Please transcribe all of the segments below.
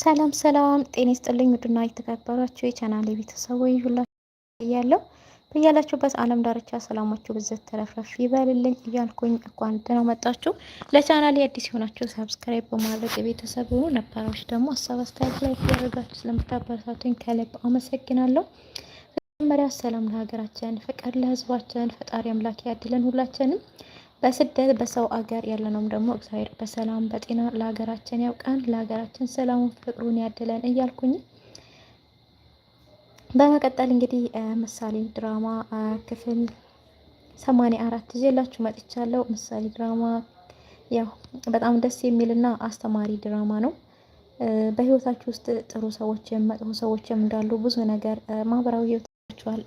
ሰላም ሰላም፣ ጤና ይስጥልኝ ውድና የተከበራችሁ የቻናል ቤተሰቦች ሁላችሁ እያለሁ በያላችሁበት ዓለም ዳርቻ ሰላማችሁ ብዘት ተረፍረፍ ይበልልኝ እያልኩኝ እንኳን ደህና መጣችሁ። ለቻናል አዲስ የሆናችሁ ሰብስክራይብ በማድረግ የቤተሰብ ሆኑ፣ ነባሮች ደግሞ ሀሳብ አስተያየት ላይ ያደርጋችሁ ስለምታበረታቱኝ ከልብ አመሰግናለሁ። መጀመሪያ ሰላም ለሀገራችን፣ ፍቅር ለህዝባችን፣ ፈጣሪ አምላክ ያድለን ሁላችንም በስደት በሰው አገር ያለነውም ደግሞ እግዚአብሔር በሰላም በጤና ለሀገራችን ያውቃን ለሀገራችን ሰላሙን ፍቅሩን ያድለን እያልኩኝ በመቀጠል እንግዲህ ምሳሌ ድራማ ክፍል ሰማንያ አራት ይዤላችሁ መጥቻለሁ። ምሳሌ ድራማ ያው በጣም ደስ የሚልና አስተማሪ ድራማ ነው። በህይወታችሁ ውስጥ ጥሩ ሰዎችም መጥፎ ሰዎችም እንዳሉ ብዙ ነገር ማህበራዊ ህይወታችኋል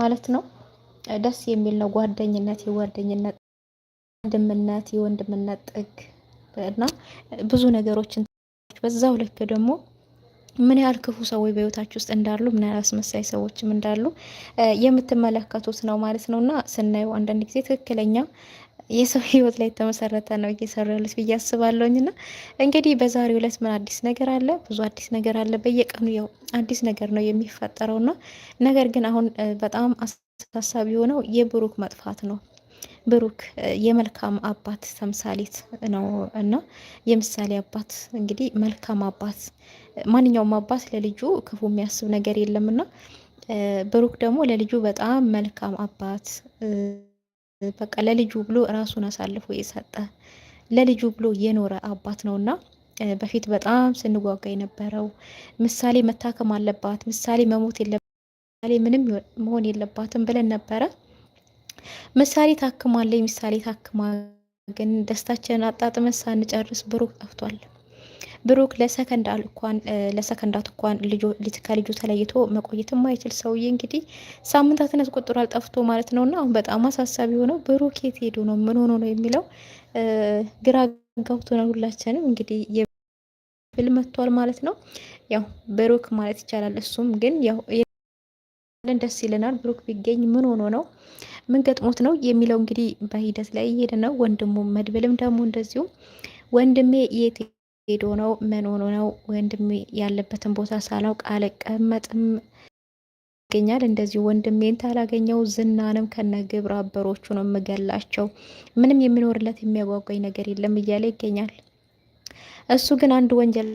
ማለት ነው። ደስ የሚል ነው ጓደኝነት የጓደኝነት ወንድምነት የወንድምነት ጥግ እና ብዙ ነገሮችን በዛው ልክ ደግሞ ምን ያህል ክፉ ሰዎች በህይወታችሁ ውስጥ እንዳሉ ምን ያህል አስመሳይ ሰዎችም እንዳሉ የምትመለከቱት ነው ማለት ነው። እና ስናየው አንዳንድ ጊዜ ትክክለኛ የሰው ህይወት ላይ የተመሰረተ ነው እየሰሩ ያሉት ብዬ አስባለሁኝ። እና እንግዲህ በዛሬው ዕለት ምን አዲስ ነገር አለ? ብዙ አዲስ ነገር አለ። በየቀኑ ያው አዲስ ነገር ነው የሚፈጠረውና ነገር ግን አሁን በጣም አሳሳቢ የሆነው የብሩክ መጥፋት ነው። ብሩክ የመልካም አባት ተምሳሌት ነው እና የምሳሌ አባት እንግዲህ መልካም አባት፣ ማንኛውም አባት ለልጁ ክፉ የሚያስብ ነገር የለም እና ብሩክ ደግሞ ለልጁ በጣም መልካም አባት፣ በቃ ለልጁ ብሎ ራሱን አሳልፎ የሰጠ ለልጁ ብሎ የኖረ አባት ነው እና በፊት በጣም ስንጓጓ የነበረው ምሳሌ መታከም አለባት፣ ምሳሌ መሞት የለባት፣ ምሳሌ ምንም መሆን የለባትም ብለን ነበረ። ምሳሌ ታክማለች። ምሳሌ ታክማ ግን ደስታችንን አጣጥመን ሳንጨርስ ብሩክ ጠፍቷል። ብሩክ ለሰከንዳት እንኳን ለሰከንዳት እንኳን ከልጁ ተለይቶ መቆየት የማይችል ሰውዬ እንግዲህ ሳምንታትን ያስቆጥሯል ጠፍቶ ማለት ነው። እና አሁን በጣም አሳሳቢ የሆነው ብሩክ የት ሄዶ ነው ምን ሆኖ ነው የሚለው ግራ ገብቶናል ሁላችንም እንግዲህ የብል መጥቷል ማለት ነው። ያው ብሩክ ማለት ይቻላል። እሱም ግን ያው ደስ ይለናል ብሩክ ቢገኝ ምን ሆኖ ነው ምን ገጥሞት ነው የሚለው እንግዲህ በሂደት ላይ እየሄደ ነው። ወንድሙ መድብልም ደግሞ እንደዚሁ ወንድሜ የት ሄዶ ነው ምን ሆኖ ነው ወንድሜ ያለበትን ቦታ ሳላውቅ አልቀመጥም ይገኛል እንደዚሁ ወንድሜን ታላገኘው ዝናንም ከነ ግብረ አበሮቹ ነው የምገላቸው። ምንም የሚኖርለት የሚያጓጓኝ ነገር የለም እያለ ይገኛል። እሱ ግን አንድ ወንጀል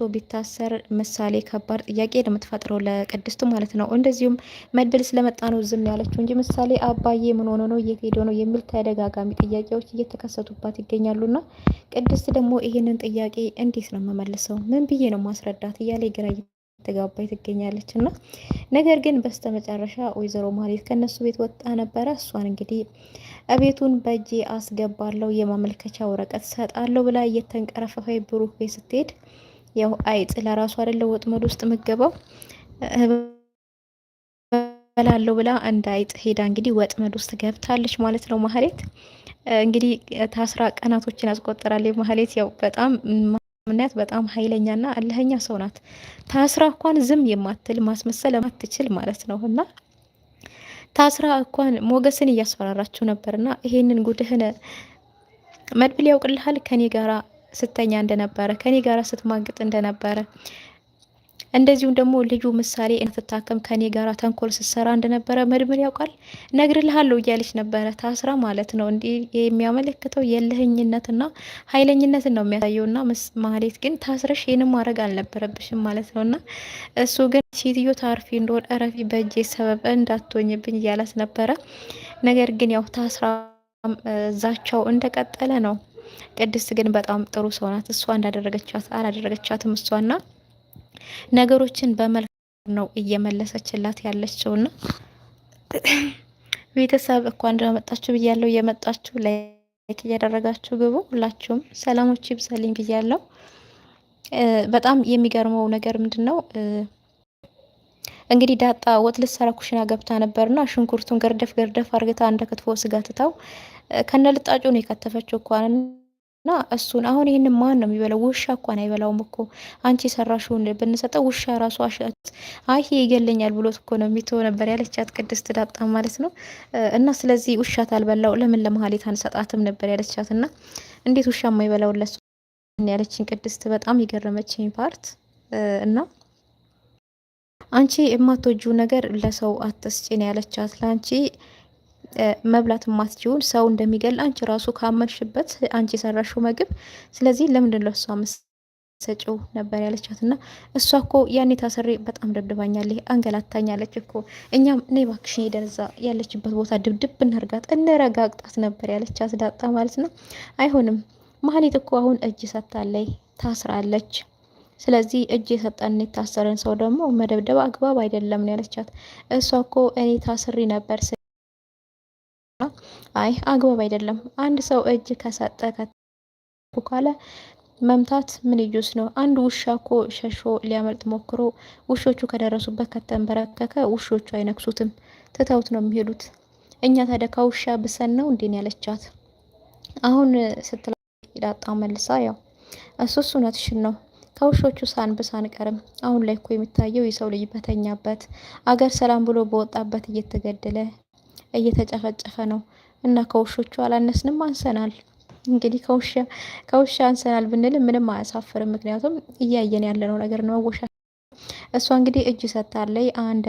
ቶ ቢታሰር ምሳሌ ከባድ ጥያቄ ለምትፈጥረው ለቅድስቱ ማለት ነው። እንደዚሁም መድብል ስለመጣ ነው ዝም ያለችው እንጂ ምሳሌ አባዬ ምን ሆኖ ነው የት ሄዶ ነው የሚል ተደጋጋሚ ጥያቄዎች እየተከሰቱባት ይገኛሉና ቅድስት ደግሞ ይህንን ጥያቄ እንዴት ነው የምመልሰው፣ ምን ብዬ ነው ማስረዳት እያለ ግራ እየተጋባች ትገኛለች። እና ነገር ግን በስተመጨረሻ ወይዘሮ ማሌት ከእነሱ ቤት ወጣ ነበረ። እሷን እንግዲህ እቤቱን በእጄ አስገባለው የማመልከቻ ወረቀት ሰጣለው ብላ እየተንቀረፈፈ ብሩክ ቤት ስትሄድ ያው አይጥ ለራሱ አይደለ ወጥመድ ውስጥ ምገባው በላለው ብላ እንደ አይጥ ሄዳ እንግዲህ ወጥመድ ውስጥ ገብታለች ማለት ነው። ማህሌት እንግዲህ ታስራ ቀናቶችን ያስቆጠራለች። ማህሌት ያው በጣም ምክንያት በጣም ኃይለኛና አለኸኛ ሰው ናት። ታስራ እንኳን ዝም የማትል ማስመሰል የማትችል ማለት ነው እና ታስራ እንኳን ሞገስን እያስፈራራችው ነበርና ይሄንን ጉድህን መድብል ያውቅልሃል ከኔ ጋራ ስተኛ እንደነበረ፣ ከኔ ጋር ስትማግጥ እንደነበረ እንደዚሁም ደግሞ ልጁ ምሳሌ እንፍታከም ከኔ ጋር ተንኮል ስትሰራ እንደነበረ መድምር ያውቃል። ነግርልሃለሁ እያለች ነበረ ታስራ ማለት ነው። እንዲህ የሚያመለክተው የልህኝነትና ኃይለኝነትን ነው የሚያሳየው። ና ማህሌት ግን ታስረሽ ይህንም ማድረግ አልነበረብሽም ማለት ነው። እሱ ግን ሴትዮ ታርፊ እንደሆን እረፊ፣ በእጄ ሰበብ እንዳትሆኝብኝ እያላት ነበረ። ነገር ግን ያው ታስራ ዛቻው እንደቀጠለ ነው። ቅድስት ግን በጣም ጥሩ ሰው ናት። እሷ እንዳደረገቻት አላደረገቻትም እሷና ነገሮችን በመልካም ነው እየመለሰችላት ያለችውና ቤተሰብ እንኳን እንደመጣችሁ ብያለሁ። እየመጣችሁ ላይክ እያደረጋችሁ ግቡ። ሁላችሁም ሰላሞች ይብዛልኝ ብያለሁ። በጣም የሚገርመው ነገር ምንድን ነው እንግዲህ ዳጣ ወጥ ልትሰራ ኩሽና ገብታ ነበርና ሽንኩርቱን ገርደፍ ገርደፍ አርግታ እንደ ክትፎ ስጋ ትታው ከነልጣጩ ነው የከተፈችው እኳን እና እሱን አሁን ይህን ማን ነው የሚበላው? ውሻ እኳን አይበላውም እኮ አንቺ ሰራሽውን ብንሰጠው ውሻ ራሱ አሻት አይ ይገለኛል ብሎት እኮ ነው የሚተው ነበር ያለቻት ቅድስት ዳብጣ ማለት ነው። እና ስለዚህ ውሻት አልበላው ለምን ለመሀሌት አንሰጣትም ነበር ያለቻት። እና እንዴት ውሻ የማይበላው ለሱ ያለችን ቅድስት በጣም የገረመችኝ ፓርት እና አንቺ የማትወጂው ነገር ለሰው አትስጪ ያለቻት ለአንቺ መብላት ማትችውን ሰው እንደሚገል አንቺ ራሱ ካመንሽበት አንቺ የሰራሽው ምግብ ስለዚህ ለምንድን ነው እሷ ሰጪው ነበር ያለቻት እና እሷ እኮ ያኔ ታስሬ በጣም ደብድባኛለች፣ አንገላታኛለች እኮ እኛም እኔ ባክሽ ሄደን ያለችበት ቦታ ድብድብ እናርጋት እንረጋግጣት ነበር ያለቻት ዳጣ ማለት ነው። አይሆንም መሀሌት እኮ አሁን እጅ ሰጥታለች፣ ታስራለች። ስለዚህ እጅ የሰጠን የታሰረን ሰው ደግሞ መደብደብ አግባብ አይደለም ነው ያለቻት። እሷ እኮ እኔ ታስሪ ነበር አይ አግባብ አይደለም። አንድ ሰው እጅ ከሰጠ ካለ መምታት ምን እዩስ ነው? አንድ ውሻ እኮ ሸሾ ሊያመልጥ ሞክሮ ውሾቹ ከደረሱበት ከተንበረከከ ውሾቹ አይነክሱትም፣ ትተውት ነው የሚሄዱት። እኛ ታዲያ ከውሻ ብሰን ነው እንዴን ያለቻት። አሁን ስትላ ዳጣ መልሳ ያው እሱስ እውነትሽን ነው ከውሾቹ ሳንብስ አንቀርም። አሁን ላይ እኮ የሚታየው የሰው ልጅ በተኛበት አገር ሰላም ብሎ በወጣበት እየተገደለ እየተጨፈጨፈ ነው። እና ከውሾቹ አላነስንም፣ አንሰናል። እንግዲህ ከውሻ ከውሻ አንሰናል ብንልም ምንም አያሳፍርም። ምክንያቱም እያየን ያለነው ነገር ነው። ወሻ እሷ እንግዲህ እጅ ሰጥታለች። አንድ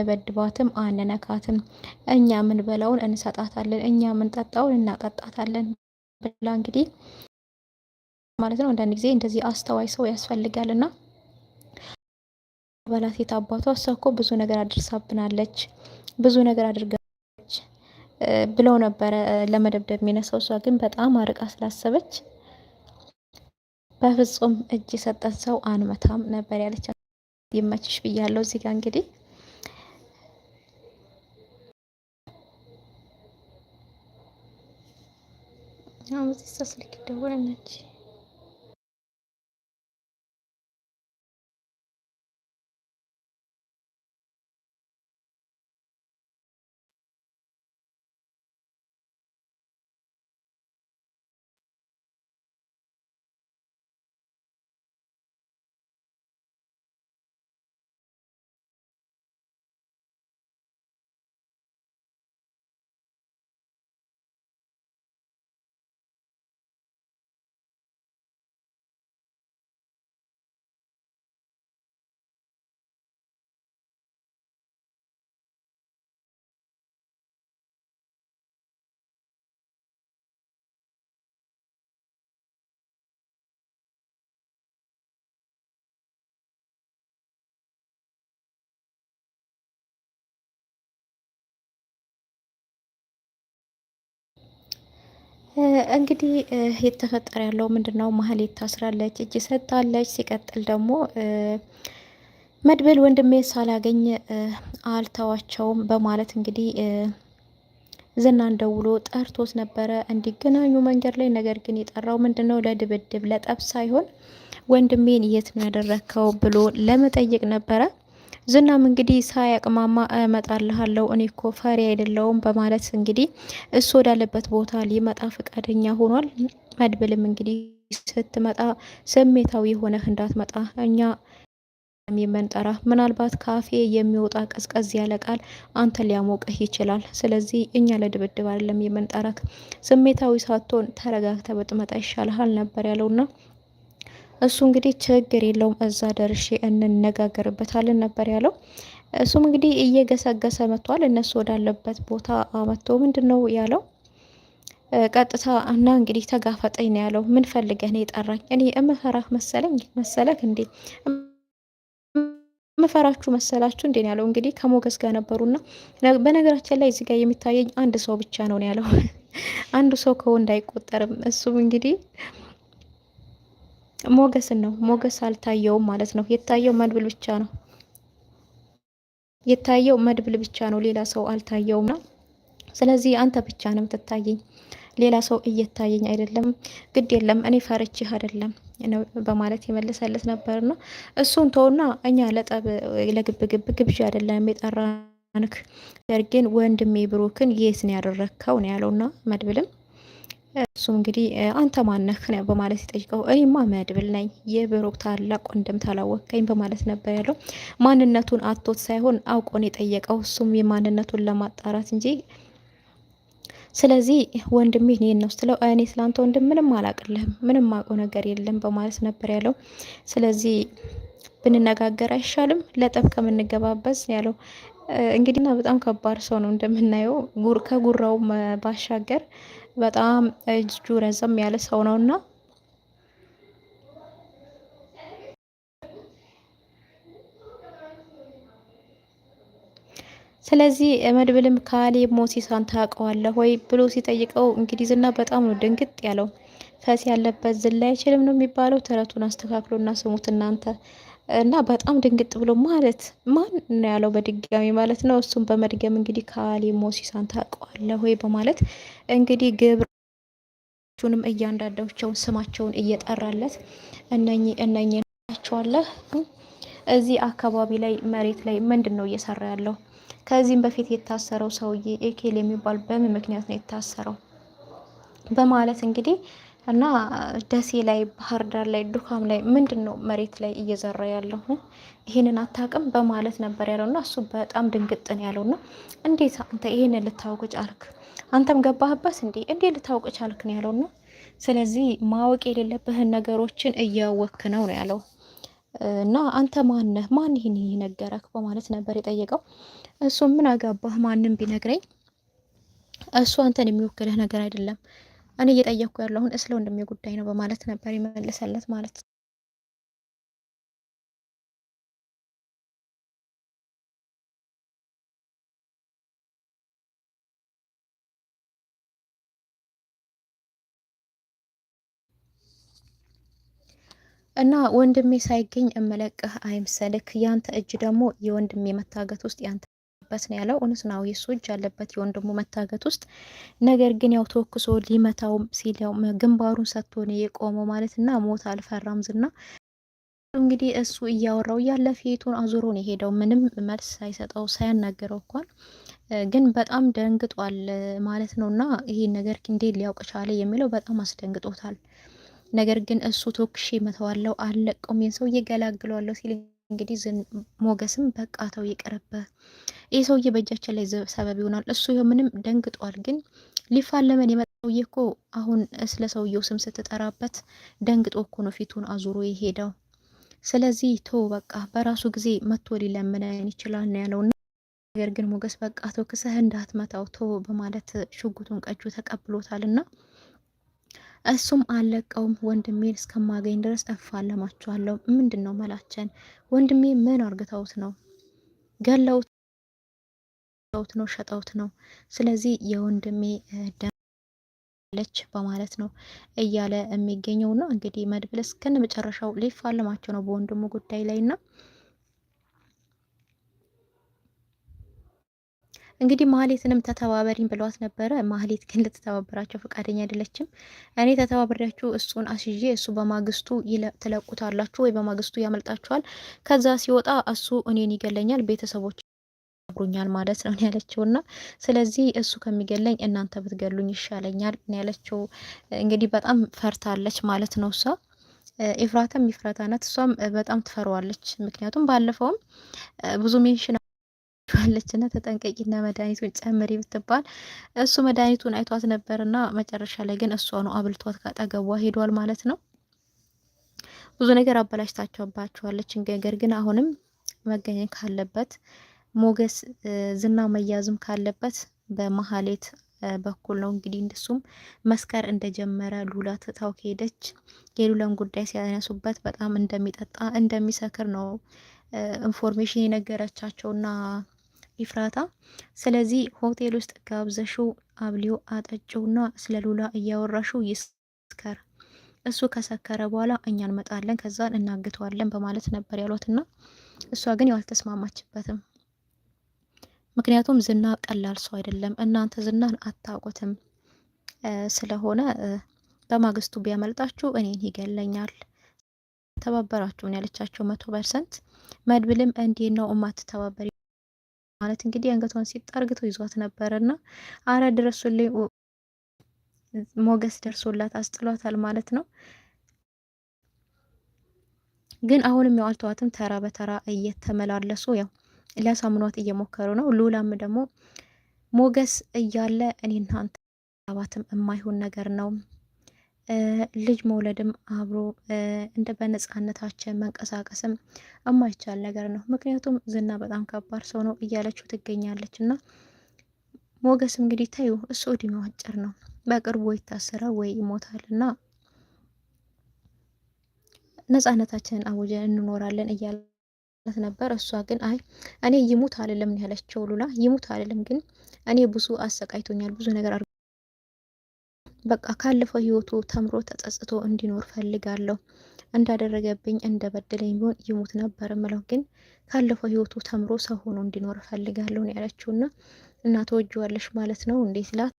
ነካትም እኛ ምን የምንበላውን እንሰጣታለን፣ እኛ ምን ጠጣውን እናጠጣታለን ብላ እንግዲህ ማለት ነው። አንዳንድ ጊዜ እንደዚህ አስተዋይ ሰው ያስፈልጋል እና በላት የታባቷ እሷ እኮ ብዙ ነገር አድርሳብናለች፣ ብዙ ነገር አድርጋ ብለው ነበረ ለመደብደብ የሚነሳው። እሷ ግን በጣም አርቃ ስላሰበች በፍጹም እጅ የሰጠን ሰው አንመታም ነበር ያለች። ይመችሽ ብያለው። እዚህ ጋር እንግዲህ አሁን እዚህ ስልክ ደወለች። እንግዲህ የተፈጠረ ያለው ምንድን ነው? ማህሌት ታስራለች፣ እጅ ሰጥታለች። ሲቀጥል ደግሞ መድብል ወንድሜ ሳላገኝ አልተዋቸውም በማለት እንግዲህ ዝናን ደውሎ ጠርቶት ነበረ እንዲገናኙ መንገድ ላይ። ነገር ግን የጠራው ምንድን ነው? ለድብድብ ለጠብ ሳይሆን ወንድሜን የት ነው ያደረከው ብሎ ለመጠየቅ ነበረ። ዝናም እንግዲህ ሳያቅማማ እመጣልሃለሁ እኔ እኮ ፈሪ አይደለውም በማለት እንግዲህ እሱ ወዳለበት ቦታ ሊመጣ ፈቃደኛ ሆኗል። መድብልም እንግዲህ ስትመጣ ስሜታዊ ሆነህ እንዳትመጣ እኛ የምንጠራ ምናልባት ካፌ የሚወጣ ቀዝቀዝ ያለ ቃል አንተ ሊያሞቅህ ይችላል። ስለዚህ እኛ ለድብድብ አይደለም የምንጠራክ፣ ስሜታዊ ሳትሆን ተረጋግተ ብትመጣ ይሻልሃል ነበር ያለውና እሱ እንግዲህ ችግር የለውም እዛ ደርሼ እንነጋገርበታለን ነበር ያለው። እሱም እንግዲህ እየገሰገሰ መጥቷል። እነሱ ወዳለበት ቦታ መጥቶ ምንድን ነው ያለው ቀጥታ እና እንግዲህ ተጋፈጠኝ ነው ያለው። ምን ፈልገህ ነው የጠራኝ? እኔ እምፈራህ መሰለኝ መሰለህ እንዴ? እምፈራችሁ መሰላችሁ እንዴ ነው ያለው። እንግዲህ ከሞገስ ጋር ነበሩና በነገራችን ላይ እዚህ ጋር የሚታየኝ አንድ ሰው ብቻ ነው ያለው። አንድ ሰው ከወንድ አይቆጠርም። እሱም እንግዲህ ሞገስን ነው። ሞገስ አልታየውም ማለት ነው። የታየው መድብል ብቻ ነው። የታየው መድብል ብቻ ነው። ሌላ ሰው አልታየውም ነው። ስለዚህ አንተ ብቻ ነው የምትታየኝ፣ ሌላ ሰው እየታየኝ አይደለም። ግድ የለም እኔ ፈርቼህ አይደለም በማለት የመለሰለት ነበርና እሱን ተውና እኛ ለጠብ ለግብግብ ግብዣ አይደለም የጠራንክ፣ ነገር ግን ወንድሜ ብሩክን የት ነው ያደረግከው ነው ያለውና መድብልም እሱም እንግዲህ አንተ ማነህ በማለት ሲጠይቀው እኔማ መድብል ነኝ የብሩክ ታላቅ ወንድም ታላወቅከኝ በማለት ነበር ያለው። ማንነቱን አቶት ሳይሆን አውቆን የጠየቀው እሱም የማንነቱን ለማጣራት እንጂ ስለዚህ ወንድሜ እኔ ነው ስትለው እኔ ስለአንተ ወንድም ምንም አላቅልህም ምንም አውቀው ነገር የለም በማለት ነበር ያለው። ስለዚህ ብንነጋገር አይሻልም ለጠብ ከምንገባበዝ ያለው እንግዲህ እና በጣም ከባድ ሰው ነው እንደምናየው። ከጉራው ባሻገር በጣም እጁ ረዘም ያለ ሰው ነው እና ስለዚህ መድብልም ካሌብ ሞሲሳን ታውቀዋለህ ወይ ብሎ ሲጠይቀው እንግዲህ ዝና በጣም ነው ድንግጥ ያለው። ፈስ ያለበት ዝላ አይችልም ነው የሚባለው። ተረቱን አስተካክሎና ስሙት እናንተ። እና በጣም ድንግጥ ብሎ ማለት ማን ነው ያለው በድጋሚ ማለት ነው። እሱም በመድገም እንግዲህ ካሌ ሞሲሳን ታውቀዋለህ ወይ በማለት እንግዲህ ግብርንም እያንዳንዳቸውን ስማቸውን እየጠራለት እነኚህ እነኚህ ናቸዋለህ እዚህ አካባቢ ላይ መሬት ላይ ምንድን ነው እየሰራ ያለው? ከዚህም በፊት የታሰረው ሰውዬ ኤኬል የሚባል በምን ምክንያት ነው የታሰረው? በማለት እንግዲህ እና ደሴ ላይ ባህር ዳር ላይ ዱካም ላይ ምንድን ነው መሬት ላይ እየዘራ ያለው ይህንን አታውቅም በማለት ነበር ያለው እና እሱ በጣም ድንግጥን ያለው እና እንዴት አንተ ይህንን ልታውቅ ቻልክ? አንተም ገባህበት እንዴ? እንዴት ልታውቅ ቻልክ ነው ያለው እና ስለዚህ ማወቅ የሌለብህን ነገሮችን እያወክ ነው ነው ያለው እና አንተ ማነህ? ማን ይህን ነገረክ? በማለት ነበር የጠየቀው። እሱ ምን አገባህ? ማንም ቢነግረኝ እሱ አንተን የሚወክልህ ነገር አይደለም እኔ እየጠየኩ ያለው አሁን እስለ ወንድሜ ጉዳይ ነው በማለት ነበር የመለሰለት ማለት ነው። እና ወንድሜ ሳይገኝ እመለቅህ አይምሰልክ። ያንተ እጅ ደግሞ የወንድሜ መታገት ውስጥ ያንተ ያለበት ነው ያለው። እውነት ነው የሱ እጅ ያለበት የወንድሙ መታገት ውስጥ። ነገር ግን ያው ተወክሶ ሊመታው ሲል ያው ግንባሩን ሰጥቶ ነው የቆመው ማለት እና ሞት አልፈራም ዝና እንግዲህ እሱ እያወራው እያለ ፊቱን አዙሮ ነው የሄደው። ምንም መልስ ሳይሰጠው ሳያናገረው እንኳን ግን በጣም ደንግጧል ማለት ነው። እና ይሄ ነገር እንዴት ሊያውቅ ቻለ የሚለው በጣም አስደንግጦታል። ነገር ግን እሱ ቶክሽ መተዋለው አለቀውም ይህን ሰው እየገላግለዋለሁ ሲል እንግዲህ ሞገስም በቃ ተው ይቅርብህ፣ ይህ ሰውዬ በእጃችን ላይ ሰበብ ይሆናል። እሱ ምንም ደንግጧል፣ ግን ሊፋለመን የመጣ ሰውዬ እኮ አሁን ስለ ሰውየው ስም ስትጠራበት ደንግጦ እኮ ነው ፊቱን አዙሮ የሄደው። ስለዚህ ቶ በቃ በራሱ ጊዜ መቶ ሊለምነን ይችላል ነው ያለው። ነገር ግን ሞገስ በቃ ተው ክሰህ እንዳትመታው ቶ በማለት ሽጉቱን ቀጁ ተቀብሎታልና እሱም አለቀውም ወንድሜን እስከማገኝ ድረስ እፋለማችኋለሁ። ምንድን ነው መላችን? ወንድሜ ምን አርግተውት ነው? ገለውት ነው? ሸጠውት ነው? ስለዚህ የወንድሜ ደለች በማለት ነው እያለ የሚገኘው ነው። እንግዲህ መድብል እስከነ መጨረሻው ሊፋለማቸው ነው በወንድሙ ጉዳይ ላይ እንግዲህ ማህሌትንም ተተባበሪን ብለዋት ነበረ። ማህሌት ግን ልትተባበራቸው ፈቃደኛ አይደለችም። እኔ ተተባበሪያችሁ እሱን አስይዤ እሱ በማግስቱ ትለቁታላችሁ ወይ በማግስቱ ያመልጣችኋል፣ ከዛ ሲወጣ እሱ እኔን ይገለኛል፣ ቤተሰቦች ያብሩኛል ማለት ነው ያለችው እና ስለዚህ እሱ ከሚገለኝ እናንተ ብትገሉኝ ይሻለኛል ያለችው እንግዲህ በጣም ፈርታለች ማለት ነው እሷ ኤፍራታም ይፍራታ ናት። እሷም በጣም ትፈራዋለች። ምክንያቱም ባለፈውም ብዙ ሜንሽን ትችላለች እና ተጠንቀቂና መድኃኒቱን ጨምሪ ብትባል እሱ መድኃኒቱን አይቷት ነበርና መጨረሻ ላይ ግን እሷ ነው አብልቷት ካጠገቧ ሄዷል ማለት ነው። ብዙ ነገር አበላሽታቸውባቸዋለች። ነገር ግን አሁንም መገኘት ካለበት ሞገስ ዝና መያዝም ካለበት በመሀሌት በኩል ነው እንግዲህ እንደሱም መስከር እንደጀመረ ሉላ ትታው ከሄደች የሉላን ጉዳይ ሲያነሱበት በጣም እንደሚጠጣ እንደሚሰክር ነው ኢንፎርሜሽን የነገረቻቸውና ኢፍራታ። ስለዚህ ሆቴል ውስጥ ጋብዘሽው አብሊው አጠጪውና ስለ ሉላ እያወራሽው ይስከር። እሱ ከሰከረ በኋላ እኛ እንመጣለን፣ ከዛን እናግተዋለን በማለት ነበር ያሏትና እሷ ግን ያው አልተስማማችበትም። ምክንያቱም ዝና ቀላል ሰው አይደለም፣ እናንተ ዝናን አታውቁትም ስለሆነ በማግስቱ ቢያመልጣችሁ እኔን ይገለኛል ተባበራችሁን ያለቻቸው መቶ ፐርሰንት መድብልም እንዴት ነው እማትተባበር ማለት እንግዲህ አንገቷን ሲጠርግቶ ይዟት እና አረ ድረሱልኝ ሞገስ ደርሶላት አስጥሏታል ማለት ነው። ግን አሁንም ያው አልተዋትም። ተራ በተራ እየተመላለሱ ያው ሊያሳምኗት እየሞከሩ ነው። ሉላም ደግሞ ሞገስ እያለ እኔ እናንተ አባትም የማይሆን ነገር ነው ልጅ መውለድም አብሮ እንደ በነፃነታችን መንቀሳቀስም የማይቻል ነገር ነው። ምክንያቱም ዝና በጣም ከባድ ሰው ነው እያለችው ትገኛለች። እና ሞገስ እንግዲህ ታዩ እሱ እድሜው አጭር ነው። በቅርቡ ይታሰረ ወይ ይሞታል እና ነፃነታችንን አውጀን እንኖራለን እያለት ነበር። እሷ ግን አይ እኔ ይሙት አልልም ያለችው ሉላ ይሙት አልልም፣ ግን እኔ ብዙ አሰቃይቶኛል ብዙ ነገር በቃ ካለፈው ህይወቱ ተምሮ ተጸጽቶ እንዲኖር ፈልጋለሁ። እንዳደረገብኝ እንደበደለኝ ቢሆን ይሙት ነበር ምለው፣ ግን ካለፈው ህይወቱ ተምሮ ሰው ሆኖ እንዲኖር ፈልጋለሁ ነው ያለችው። እና እናት ወጅዋለሽ ማለት ነው እንዴት ላት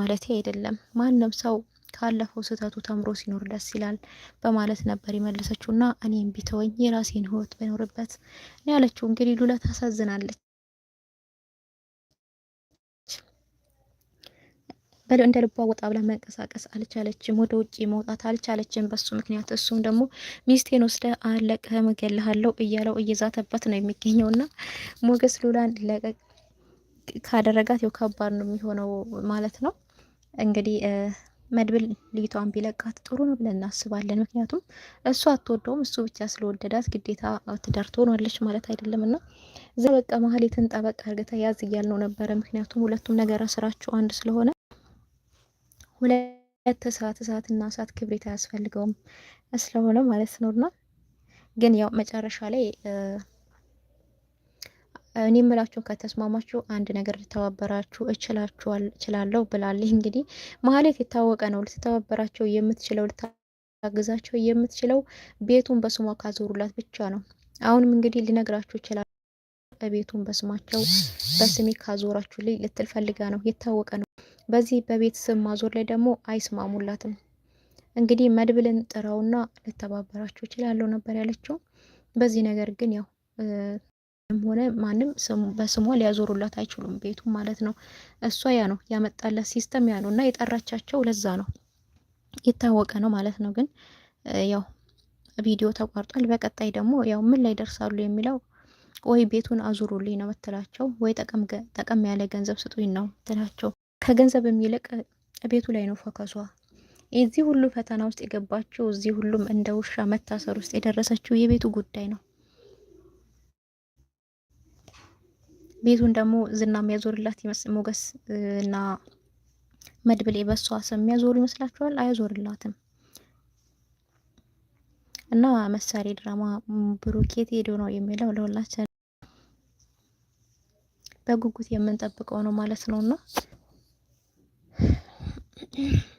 ማለት አይደለም ማንም ሰው ካለፈው ስህተቱ ተምሮ ሲኖር ደስ ይላል በማለት ነበር የመለሰችው። እና እኔም ቢተወኝ የራሴን ህይወት በኖርበት ነው ያለችው። እንግዲህ ሉላ ታሳዝናለች። እንደ ልቧ ወጣ ብላ መንቀሳቀስ አልቻለችም። ወደ ውጭ መውጣት አልቻለችም በሱ ምክንያት። እሱም ደግሞ ሚስቴን ወስደ አለቅህም እገልሃለሁ እያለው እየዛተበት ነው የሚገኘው እና ሞገስ ሉላን ለቀቅ ካደረጋት ያው ከባድ ነው የሚሆነው ማለት ነው እንግዲህ መድብል ልጅቷን ቢለቃት ጥሩ ነው ብለን እናስባለን። ምክንያቱም እሱ አትወደውም፣ እሱ ብቻ ስለወደዳት ግዴታ ትዳር ትሆናለች ማለት አይደለም እና እዛ በቃ መሀሌትን ጠበቅ አድርገህ ያዝ እያልነው ነበረ። ምክንያቱም ሁለቱም ነገር ስራቸው አንድ ስለሆነ ሁለት እሳት እሳትና እሳት ክብሪት አያስፈልገውም ስለሆነ ማለት ነው። እና ግን ያው መጨረሻ ላይ እኔ የምላችሁን ከተስማማችሁ አንድ ነገር ልተባበራችሁ እችላለሁ ብላለች። እንግዲህ ማህሌት የታወቀ ነው ልትተባበራቸው የምትችለው ልታግዛቸው የምትችለው ቤቱን በስሟ ካዞሩላት ብቻ ነው። አሁንም እንግዲህ ልነግራችሁ እችላለሁ ቤቱን በስማቸው በስሜ ካዞራችሁ ልትል ፈልጋ ነው። የታወቀ ነው። በዚህ በቤት ስም ማዞር ላይ ደግሞ አይስማሙላትም። እንግዲህ መድብልን ጥራውና ልተባበራችሁ እችላለሁ ነበር ያለችው። በዚህ ነገር ግን ያው ሆነ ማንም በስሟ ሊያዞሩላት አይችሉም፣ ቤቱ ማለት ነው። እሷ ያ ነው ያመጣላት ሲስተም ያ ነው እና የጠራቻቸው ለዛ ነው የታወቀ ነው ማለት ነው። ግን ያው ቪዲዮ ተቋርጧል። በቀጣይ ደግሞ ያው ምን ላይ ደርሳሉ የሚለው ወይ ቤቱን አዙሩልኝ ነው ምትላቸው፣ ወይ ጠቀም ያለ ገንዘብ ስጡኝ ነው ምትላቸው። ከገንዘብ የሚልቅ ቤቱ ላይ ነው ፎከሷ። የዚህ ሁሉ ፈተና ውስጥ የገባችው እዚህ ሁሉም እንደ ውሻ መታሰር ውስጥ የደረሰችው የቤቱ ጉዳይ ነው። ቤቱን ደግሞ ዝና የሚያዞርላት ይመስል ሞገስ እና መድብል በሷ ስም የሚያዞሩ ይመስላችኋል? አያዞርላትም። እና መሳሪ ድራማ ብሩኬት ሄዶ ነው የሚለው ለሁላችን በጉጉት የምንጠብቀው ነው ማለት ነው እና Mm-hmm.